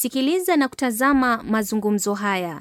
Sikiliza na kutazama mazungumzo haya.